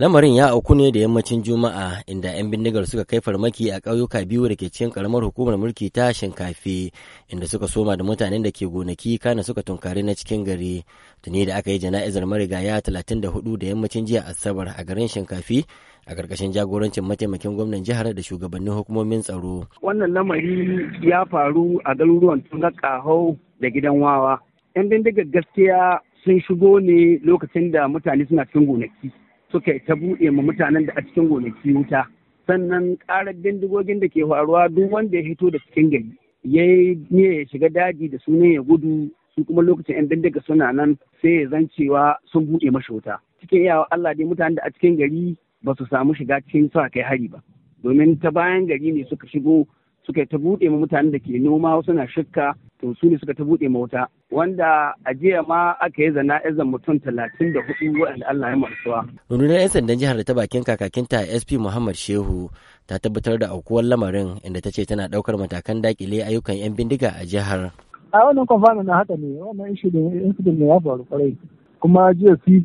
Lamarin ya auku ne da yammacin Juma'a inda 'yan bindigar suka kai farmaki a ƙauyuka biyu da ke cikin karamar hukumar mulki ta Shinkafi inda suka soma da mutanen da ke gonaki kana suka tunkari na cikin gari. Tuni da aka yi jana'izar marigaya 34 da yammacin jiya Asabar a garin Shinkafi a ƙarƙashin jagorancin mataimakin gwamnan jihar da shugabannin hukumomin tsaro. Wannan lamari ya faru a garuruwan Tunga Ƙaho da Gidan Wawa. 'Yan bindigar gaskiya sun shigo ne lokacin da mutane suna cikin gonaki. suka ta buɗe ma mutanen da a cikin gonaki wuta sannan ƙarar bindigogin da ke faruwa duk wanda ya hito da cikin gari ya ne ya shiga daji da sunan ya gudu su kuma lokacin yan bindiga suna nan sai ya zan cewa sun buɗe mashi wuta cikin iyawa Allah dai mutanen da a cikin gari ba su samu shiga cikin sa kai hari ba domin ta bayan gari ne suka shigo suka ta buɗe ma mutanen da ke noma wasu na shukka to su ne suka ta buɗe mawuta wanda a jiya ma aka yi zana'izar mutum talatin da hudu waɗanda Allah ya marsuwa. Rundunar 'yan sandan jihar da ta bakin kakakinta SP Muhammad Shehu ta tabbatar da aukuwar lamarin inda ta ce tana ɗaukar matakan dakile ayyukan 'yan bindiga a jihar. A wannan kwamfanin na haka ne wannan incident ne ya faru kwarai kuma jiya CV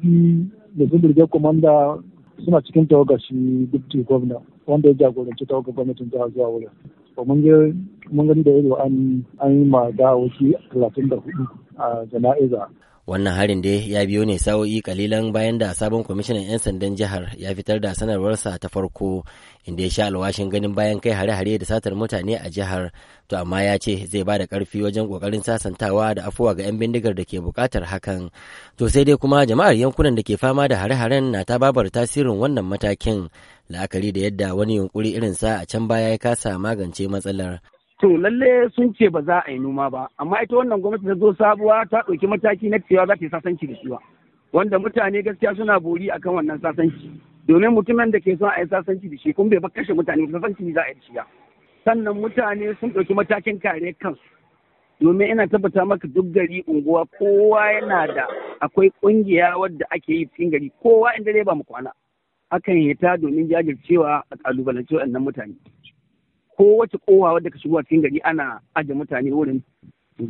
da su birge komanda suna cikin tawagar shi deputy governor wanda ya jagoranci tawagar gwamnatin jihar zuwa wurin. mun gani da yadda an yi ma da 34 a jana'iza wannan harin dai ya biyo ne sa'o'i kalilan bayan da sabon kwamishinan 'yan sandan jihar ya fitar da sanarwarsa ta farko inda ya sha alwashin ganin bayan kai hare-hare da satar mutane a jihar to amma ya ce zai ba da karfi wajen kokarin sasantawa da afuwa ga 'yan bindigar da ke bukatar hakan to sai dai kuma jama'ar yankunan da ke fama da hare-haren na ta babar tasirin wannan matakin la'akari da yadda wani yunkuri irin sa a can baya ya kasa magance matsalar To lalle sun ce ba za a yi noma ba, amma ita wannan gwamnati ta zo sabuwa ta ɗauki mataki na cewa za ta yi sasanci da shiwa Wanda mutane gaskiya suna bori akan wannan sasanci. Domin mutumin da ke son a yi sasanci da shi kun bai ba kashe mutane sasanci za a yi da Sannan mutane sun ɗauki matakin kare kansu. domin ina tabbata maka duk gari unguwa kowa yana da akwai ƙungiya wadda ake yi cikin gari kowa inda dai ba mu kwana akan hita domin jajircewa a kalubalance waɗannan mutane kowace kowa wadda ka shigo cikin gari ana aje mutane wurin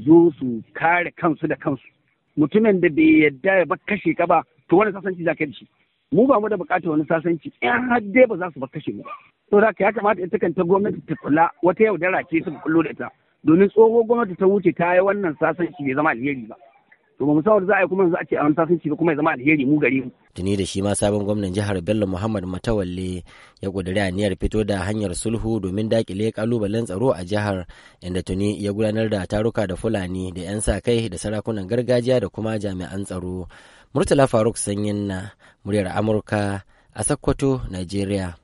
zo su kare kansu da kansu mutumin da bai yadda ya ba kashe ka ba to wani sasanci za ka da shi mu ba mu da bukatar wani sasanci in har dai ba za su ba kashe mu to da ya kamata ita kanta gwamnati ta kula wata yaudara ce suka kullo da ita domin tsohuwar gwamnati ta wuce ta yi wannan sasanci bai zama alheri ba to mu san za a yi kuma za a ce a wani ba kuma ya zama alheri mu gare mu tuni da shi ma sabon gwamnan jihar Bello Muhammad Matawalle ya a aniyar fito da hanyar sulhu domin dakile kalubalen tsaro a jihar inda tuni ya gudanar da taruka da Fulani da 'yan sa kai da sarakunan gargajiya da kuma jami'an tsaro Murtala Faruk Sanyin na muryar Amurka a Sokoto, Nigeria.